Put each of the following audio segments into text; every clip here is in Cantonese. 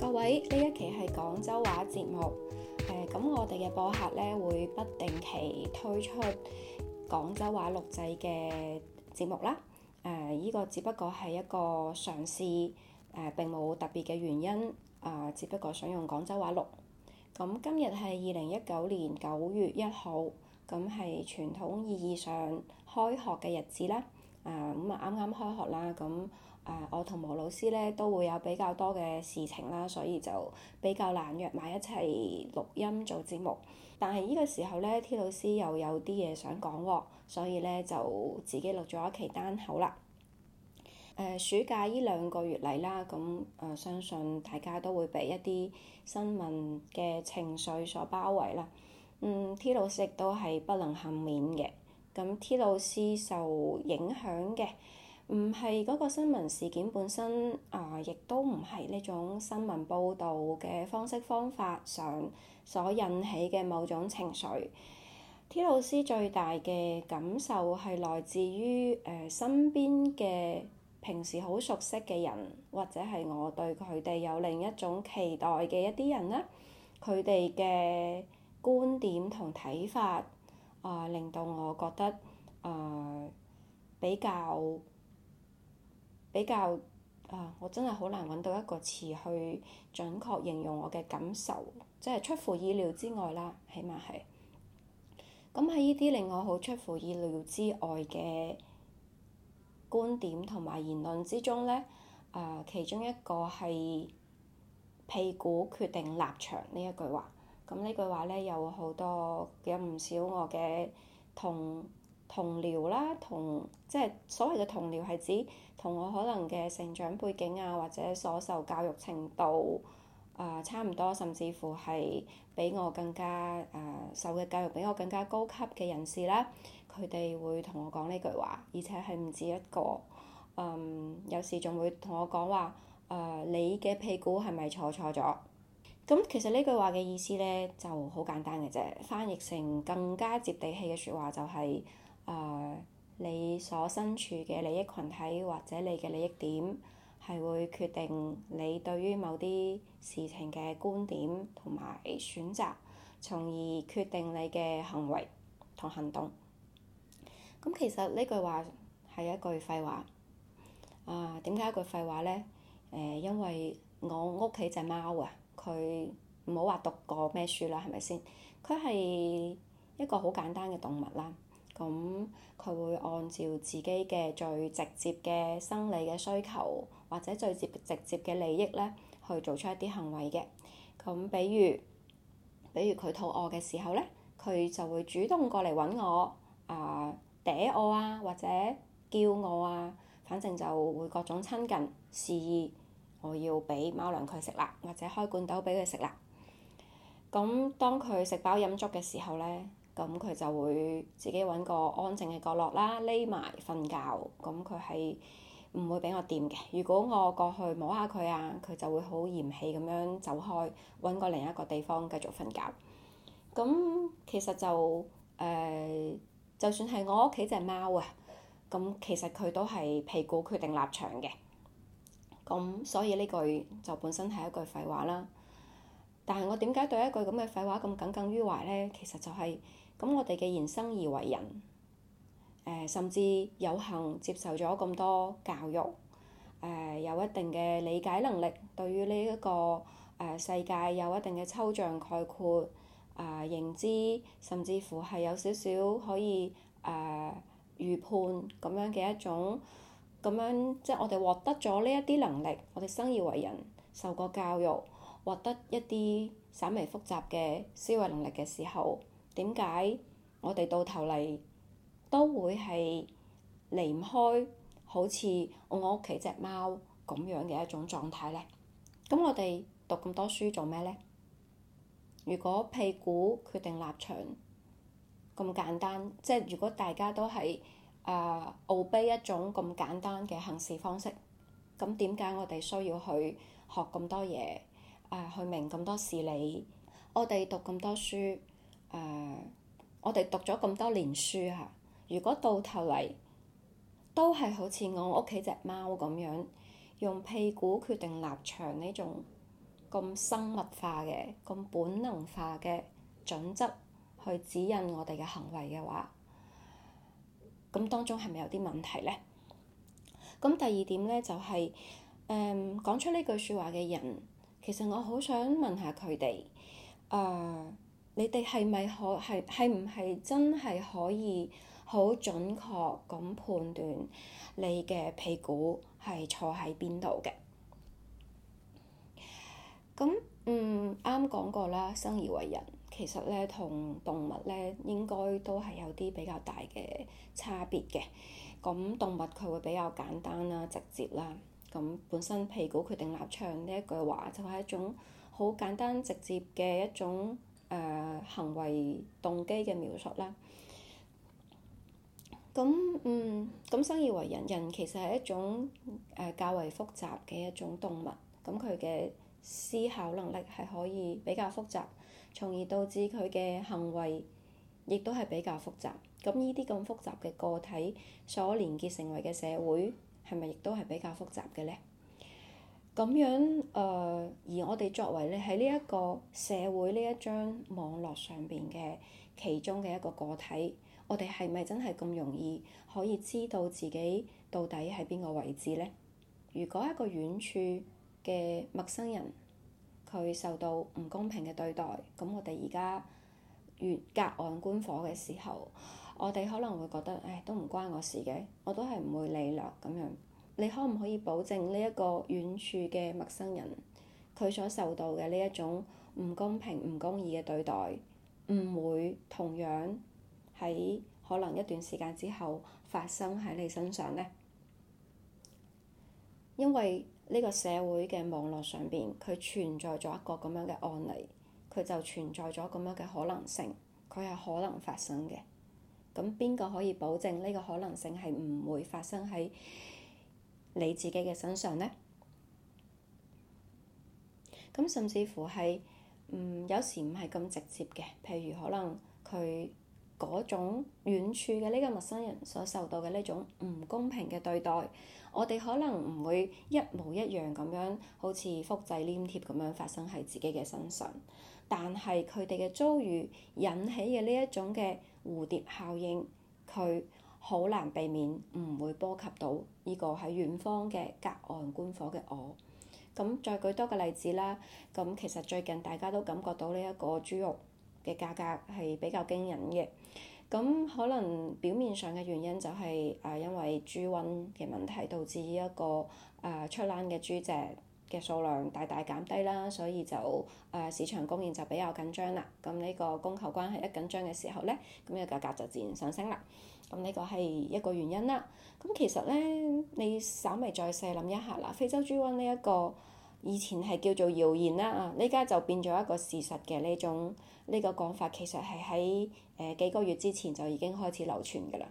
各位，呢一期係廣州話節目，誒、呃、咁我哋嘅播客呢，會不定期推出廣州話錄製嘅節目啦。誒、呃、依、這個只不過係一個嘗試，誒、呃、並冇特別嘅原因，啊、呃、只不過想用廣州話錄。咁、呃、今日係二零一九年九月一號，咁係傳統意義上開學嘅日子啦。啊，咁啊，啱啱開學啦，咁啊、呃、我同毛老師咧都會有比較多嘅事情啦，所以就比較難約埋一齊錄音做節目。但係呢個時候咧，T 老師又有啲嘢想講喎、啊，所以咧就自己錄咗一期單口、呃、啦。誒、暑假呢兩個月嚟啦，咁、呃、誒相信大家都會被一啲新聞嘅情緒所包圍啦。嗯，T 老師亦都係不能幸免嘅。咁 T 老師受影響嘅，唔係嗰個新聞事件本身，啊、呃，亦都唔係呢種新聞報道嘅方式方法上所引起嘅某種情緒，T 老師最大嘅感受係來自於誒、呃、身邊嘅平時好熟悉嘅人，或者係我對佢哋有另一種期待嘅一啲人啦，佢哋嘅觀點同睇法。啊、呃，令到我覺得啊、呃、比較比較啊，我真係好難揾到一個詞去準確形容我嘅感受，即係出乎意料之外啦，起碼係。咁喺呢啲令我好出乎意料之外嘅觀點同埋言論之中咧，啊、呃，其中一個係屁股決定立場呢一句話。咁呢句話咧，有好多有唔少我嘅同同僚啦，同即係所謂嘅同僚係指同我可能嘅成長背景啊，或者所受教育程度、呃、差唔多，甚至乎係比我更加誒、呃、受嘅教育比我更加高級嘅人士啦。佢哋會同我講呢句話，而且係唔止一個。嗯、有時仲會同我講話誒，你嘅屁股係咪坐錯咗？咁其實呢句話嘅意思咧就好簡單嘅啫，翻譯成更加接地氣嘅説話就係、是、誒、呃、你所身處嘅利益群體或者你嘅利益點係會決定你對於某啲事情嘅觀點同埋選擇，從而決定你嘅行為同行動。咁、嗯、其實呢句話係一句廢話啊。點、呃、解一句廢話咧？誒、呃，因為我屋企隻貓啊！佢唔好話讀過咩書啦，係咪先？佢係一個好簡單嘅動物啦。咁佢會按照自己嘅最直接嘅生理嘅需求，或者最接直接嘅利益咧，去做出一啲行為嘅。咁，比如比如佢肚餓嘅時候咧，佢就會主動過嚟揾我，啊、呃，嗲我啊，或者叫我啊，反正就會各種親近示意。我要俾貓糧佢食啦，或者開罐頭俾佢食啦。咁當佢食飽飲足嘅時候呢，咁佢就會自己揾個安靜嘅角落啦，匿埋瞓覺。咁佢係唔會俾我掂嘅。如果我過去摸下佢啊，佢就會好嫌棄咁樣走開，揾個另一個地方繼續瞓覺。咁其實就誒、呃，就算係我屋企隻貓啊，咁其實佢都係屁股決定立場嘅。咁、嗯、所以呢句就本身係一句廢話啦。但係我點解對一句咁嘅廢話咁耿耿於懷呢？其實就係、是、咁，我哋既然生而為人、呃，甚至有幸接受咗咁多教育，呃、有一定嘅理解能力，對於呢一個、呃、世界有一定嘅抽象概括啊認知，甚至乎係有少少可以誒預、呃、判咁樣嘅一種。咁樣即係我哋獲得咗呢一啲能力，我哋生而為人受過教育，獲得一啲稍微複雜嘅思維能力嘅時候，點解我哋到頭嚟都會係離唔開好似我屋企隻貓咁樣嘅一種狀態呢？咁我哋讀咁多書做咩呢？如果屁股決定立場咁簡單，即係如果大家都係。啊，傲卑一種咁簡單嘅行事方式，咁點解我哋需要去學咁多嘢？啊，去明咁多事理。我哋讀咁多書，誒，我哋讀咗咁多年書啊！如果到頭嚟都係好似我屋企隻貓咁樣，用屁股決定立場呢種咁生物化嘅、咁本能化嘅準則去指引我哋嘅行為嘅話，咁當中係咪有啲問題呢？咁第二點呢，就係、是，誒、嗯、講出呢句説話嘅人，其實我好想問,問下佢哋，誒、呃、你哋係咪可係係唔係真係可以好準確咁判斷你嘅屁股係坐喺邊度嘅？咁嗯啱講過啦，生而為人。其實咧，同動物咧應該都係有啲比較大嘅差別嘅。咁動物佢會比較簡單啦、直接啦。咁本身屁股決定立場呢一句話，就係、是、一種好簡單直接嘅一種誒、呃、行為動機嘅描述啦。咁嗯，咁生而為人，人，人其實係一種誒、呃、較為複雜嘅一種動物。咁佢嘅思考能力係可以比較複雜。從而導致佢嘅行為亦都係比較複雜。咁呢啲咁複雜嘅個體所連結成為嘅社會，係咪亦都係比較複雜嘅呢？咁樣誒、呃，而我哋作為咧喺呢一個社會呢一張網絡上邊嘅其中嘅一個個體，我哋係咪真係咁容易可以知道自己到底喺邊個位置呢？如果一個遠處嘅陌生人，佢受到唔公平嘅對待，咁我哋而家越隔岸觀火嘅時候，我哋可能會覺得，唉，都唔關我事嘅，我都係唔會理嘞咁樣。你可唔可以保證呢一個遠處嘅陌生人，佢所受到嘅呢一種唔公平、唔公義嘅對待，唔會同樣喺可能一段時間之後發生喺你身上呢？因為呢個社會嘅網絡上邊，佢存在咗一個咁樣嘅案例，佢就存在咗咁樣嘅可能性，佢係可能發生嘅。咁邊個可以保證呢個可能性係唔會發生喺你自己嘅身上呢？咁甚至乎係，嗯，有時唔係咁直接嘅，譬如可能佢。嗰種遠處嘅呢個陌生人所受到嘅呢種唔公平嘅對待，我哋可能唔會一模一樣咁樣，好似複製黏貼咁樣發生喺自己嘅身上，但係佢哋嘅遭遇引起嘅呢一種嘅蝴蝶效應，佢好難避免唔會波及到呢個喺遠方嘅隔岸觀火嘅我。咁再舉多個例子啦，咁其實最近大家都感覺到呢一個豬肉嘅價格係比較驚人嘅，咁可能表面上嘅原因就係、是、誒、呃、因為豬瘟嘅問題導致呢一個誒、呃、出欄嘅豬隻嘅數量大大減低啦，所以就誒、呃、市場供應就比較緊張啦。咁呢個供求關係一緊張嘅時候咧，咁嘅價格就自然上升啦。咁呢個係一個原因啦。咁其實咧，你稍微再細諗一下啦，非洲豬瘟呢一個以前係叫做謠言啦啊，呢家就變咗一個事實嘅呢種呢、呢個講法，其實係喺誒幾個月之前就已經開始流傳㗎啦。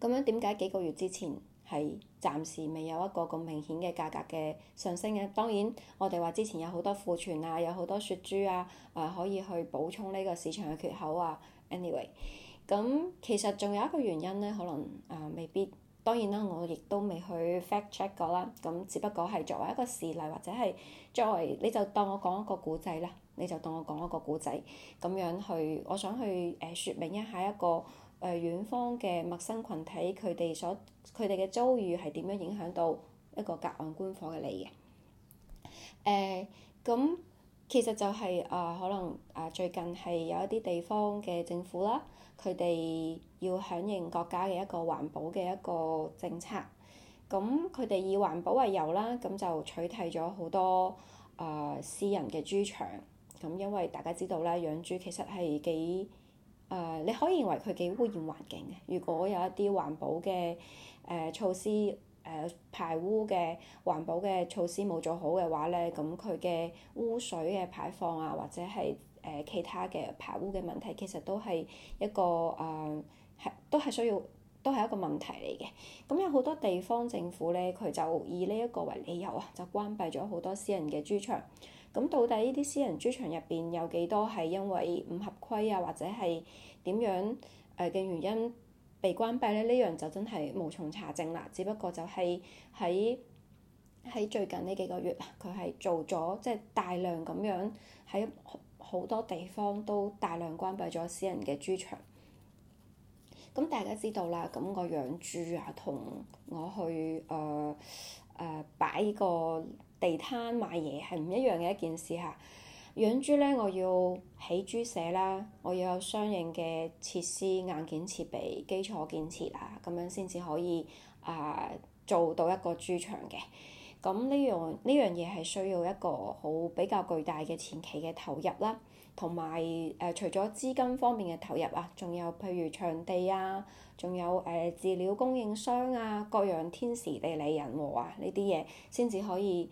咁樣點解幾個月之前係暫時未有一個咁明顯嘅價格嘅上升嘅？當然，我哋話之前有好多庫存啊，有好多雪珠啊，誒、呃、可以去補充呢個市場嘅缺口啊。anyway，咁其實仲有一個原因咧，可能誒、呃、未必。當然啦，我亦都未去 fact check 過啦。咁只不過係作為一個事例，或者係作為你就當我講一個古仔啦。你就當我講一個古仔咁樣去，我想去誒、呃、説明一下一個誒、呃、遠方嘅陌生群體，佢哋所佢哋嘅遭遇係點樣影響到一個隔岸觀火嘅你嘅。誒、呃、咁。其實就係、是、啊、呃，可能啊、呃、最近係有一啲地方嘅政府啦，佢哋要響應國家嘅一個環保嘅一個政策，咁佢哋以環保為由啦，咁就取締咗好多啊、呃、私人嘅豬場，咁因為大家知道啦，養豬其實係幾啊、呃，你可以認為佢幾污染環境嘅。如果有一啲環保嘅誒、呃、措施。誒排污嘅環保嘅措施冇做好嘅話咧，咁佢嘅污水嘅排放啊，或者係誒、呃、其他嘅排污嘅問題，其實都係一個誒係、呃、都係需要都係一個問題嚟嘅。咁有好多地方政府咧，佢就以呢一個為理由啊，就關閉咗好多私人嘅豬場。咁到底呢啲私人豬場入邊有幾多係因為唔合規啊，或者係點樣誒嘅原因，被關閉咧，呢樣就真係無從查證啦。只不過就係喺喺最近呢幾個月，佢係做咗即係大量咁樣喺好多地方都大量關閉咗私人嘅豬場。咁大家知道啦，咁個養豬啊，同我去誒誒、呃呃、擺個地攤賣嘢係唔一樣嘅一件事嚇、啊。養豬咧，我要起豬舍啦，我要有相應嘅設施、硬件設備、基礎建設啊，咁樣先至可以啊、呃、做到一個豬場嘅。咁呢樣呢樣嘢係需要一個好比較巨大嘅前期嘅投入啦，同埋誒除咗資金方面嘅投入啊，仲有譬如場地啊，仲有誒飼料供應商啊，各樣天時地利人和啊呢啲嘢先至可以。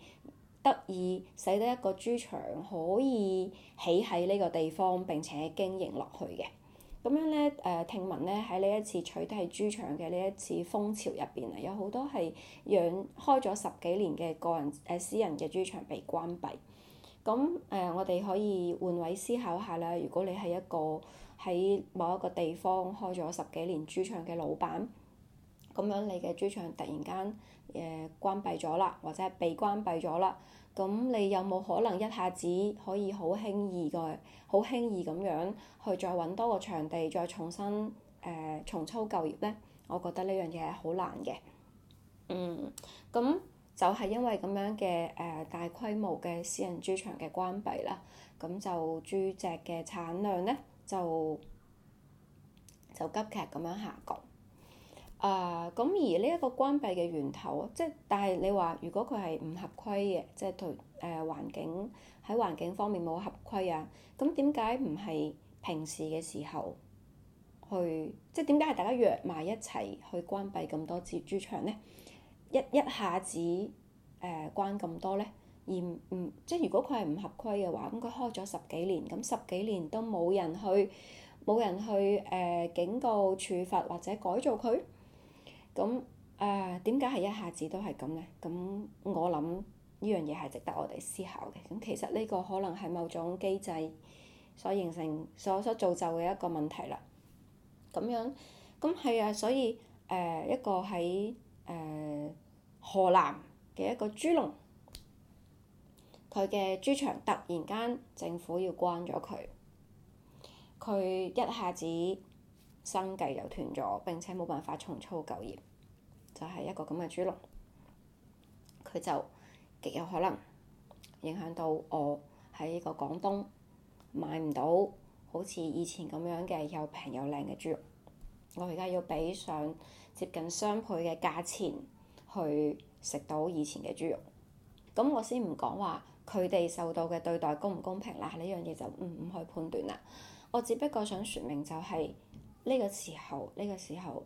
得以使得一個豬場可以起喺呢個地方並且經營落去嘅，咁樣咧誒、呃，聽聞咧喺呢一次取締豬場嘅呢一次風潮入邊啊，有好多係養開咗十幾年嘅個人誒、呃、私人嘅豬場被關閉。咁誒、呃，我哋可以換位思考下啦，如果你係一個喺某一個地方開咗十幾年豬場嘅老闆。咁樣你嘅豬場突然間誒、呃、關閉咗啦，或者係被關閉咗啦，咁你有冇可能一下子可以好輕易嘅、好輕易咁樣去再揾多個場地再重新誒、呃、重操舊業呢？我覺得呢樣嘢係好難嘅。嗯，咁就係因為咁樣嘅誒、呃、大規模嘅私人豬場嘅關閉啦，咁就豬隻嘅產量呢，就就急劇咁樣下降。啊，咁、uh, 而呢一個關閉嘅源頭，即、就、係、是、但係你話，如果佢係唔合規嘅，即、就、係、是、對誒、呃、環境喺環境方面冇合規啊，咁點解唔係平時嘅時候去，即係點解係大家約埋一齊去關閉咁多豬豬場呢？一一下子誒、呃、關咁多呢？而唔即係如果佢係唔合規嘅話，咁佢開咗十幾年，咁十幾年都冇人去冇人去誒、呃、警告處罰或者改造佢？咁誒點解係一下子都係咁呢？咁我諗呢樣嘢係值得我哋思考嘅。咁其實呢個可能係某種機制所形成、所所造就嘅一個問題啦。咁樣咁係啊，所以誒、呃、一個喺誒、呃、河南嘅一個豬農，佢嘅豬場突然間政府要關咗佢，佢一下子生計又斷咗，並且冇辦法重操舊業。就係一個咁嘅豬籠，佢就極有可能影響到我喺個廣東買唔到好似以前咁樣嘅又平又靚嘅豬肉。我而家要俾上接近雙倍嘅價錢去食到以前嘅豬肉，咁我先唔講話佢哋受到嘅對待公唔公平啦，呢樣嘢就唔唔去判斷啦。我只不過想説明就係呢個時候，呢個時候。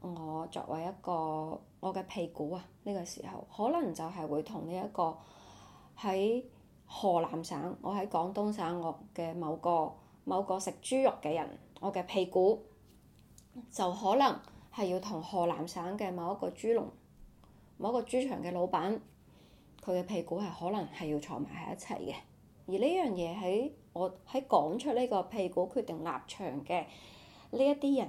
我作為一個我嘅屁股啊，呢個時候可能就係會同呢一個喺河南省，我喺廣東省我嘅某個某個食豬肉嘅人，我嘅屁股就可能係要同河南省嘅某一個豬農、某一個豬場嘅老闆，佢嘅屁股係可能係要坐埋喺一齊嘅。而呢樣嘢喺我喺講出呢個屁股決定立場嘅呢一啲人。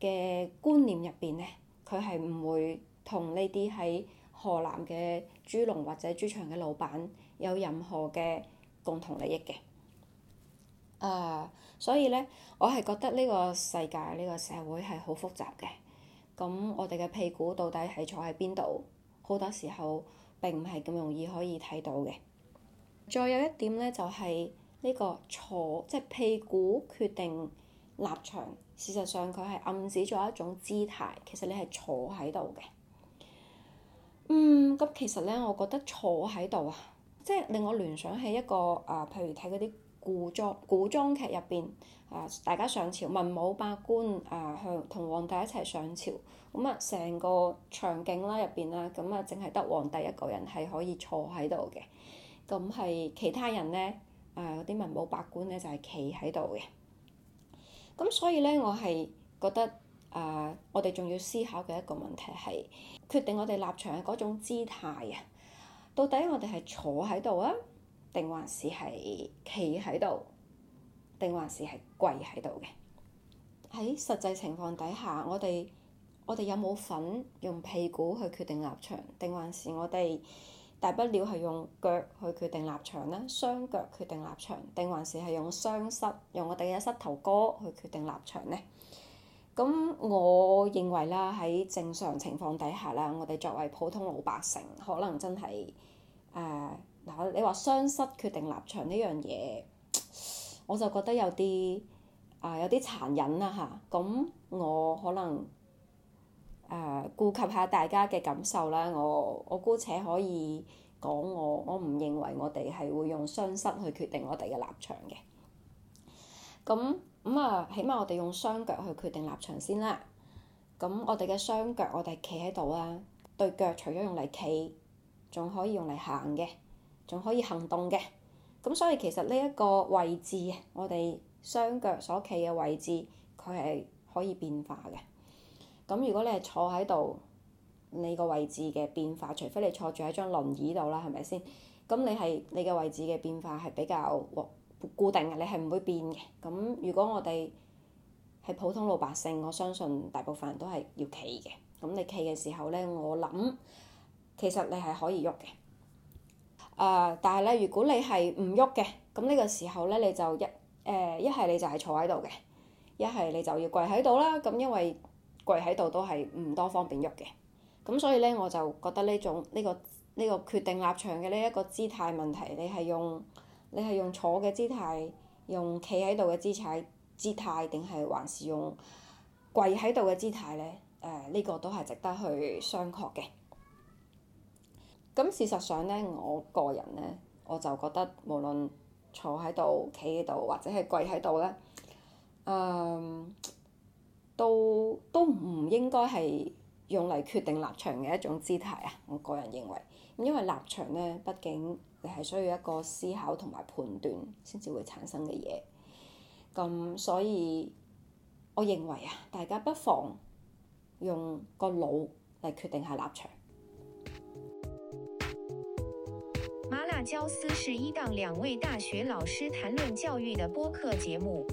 嘅觀念入邊咧，佢係唔會同呢啲喺河南嘅豬籠或者豬場嘅老闆有任何嘅共同利益嘅。誒、uh,，所以咧，我係覺得呢個世界呢、呢個社會係好複雜嘅。咁我哋嘅屁股到底係坐喺邊度？好多時候並唔係咁容易可以睇到嘅。再有一點咧，就係、是、呢個坐即係、就是、屁股決定立場。事實上佢係暗示咗一種姿態，其實你係坐喺度嘅。嗯，咁其實咧，我覺得坐喺度啊，即係令我聯想起一個啊，譬如睇嗰啲古裝古裝劇入邊啊，大家上朝文武百官啊，向同皇帝一齊上朝，咁啊，成個場景啦入邊啊，咁啊，淨係得皇帝一個人係可以坐喺度嘅，咁係其他人咧，誒嗰啲文武百官咧就係企喺度嘅。咁所以呢，我係覺得，誒、呃，我哋仲要思考嘅一個問題係決定我哋立場嘅嗰種姿態啊。到底我哋係坐喺度啊，定還是係企喺度，定還是係跪喺度嘅？喺實際情況底下，我哋我哋有冇份用屁股去決定立場，定還是我哋？大不了係用腳去決定立場咧，雙腳決定立場，定還是係用雙膝，用我哋嘅膝頭哥去決定立場呢？咁我認為啦，喺正常情況底下啦，我哋作為普通老百姓，可能真係誒嗱，你話雙膝決定立場呢樣嘢，我就覺得有啲啊、呃、有啲殘忍啦嚇。咁我可能。誒顧及下大家嘅感受啦，我我姑且可以講我我唔認為我哋係會用雙膝去決定我哋嘅立場嘅。咁咁啊，起碼我哋用雙腳去決定立場先啦。咁我哋嘅雙腳，我哋企喺度啊，對腳除咗用嚟企，仲可以用嚟行嘅，仲可以行動嘅。咁所以其實呢一個位置，我哋雙腳所企嘅位置，佢係可以變化嘅。咁如果你係坐喺度，你個位置嘅變化，除非你坐住喺張輪椅度啦，係咪先？咁你係你嘅位置嘅變化係比較固定嘅，你係唔會變嘅。咁如果我哋係普通老百姓，我相信大部分人都係要企嘅。咁你企嘅時候咧，我諗其實你係可以喐嘅。誒、呃，但係咧，如果你係唔喐嘅，咁呢個時候咧，你就一誒一係你就係坐喺度嘅，一係你就要跪喺度啦。咁因為跪喺度都係唔多方便喐嘅，咁所以咧，我就覺得呢種呢、呢個呢、呢個決定立場嘅呢一個姿態問題，你係用你係用坐嘅姿態，用企喺度嘅姿態姿態，定係還是用跪喺度嘅姿態咧？誒、呃，呢、呢個都係值得去商榷嘅。咁事實上咧，我個人咧我就覺得無論坐喺度、企喺度或者係跪喺度咧，嗯。都都唔應該係用嚟決定立場嘅一種姿態啊！我個人認為，因為立場咧，畢竟你係需要一個思考同埋判斷先至會產生嘅嘢。咁所以，我認為啊，大家不妨用個腦嚟決定下立場。麻辣椒思是一檔兩位大學老師談論教育嘅播客節目。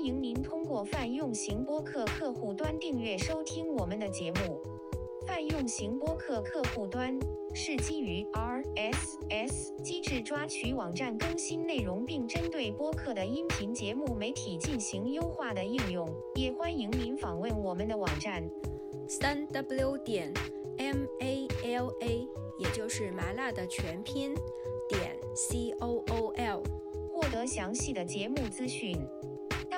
歡迎您通過泛用型播客客戶端訂閱收聽我們的節目。泛用型播客客戶端是基於 RSS 機制抓取網站更新內容，并針對播客的音頻節目媒體進行優化的應用。也歡迎您訪問我們的網站，三 W 點 M A L A，也就是麻辣的全拼點 C O O L，獲得詳細的節目資訊。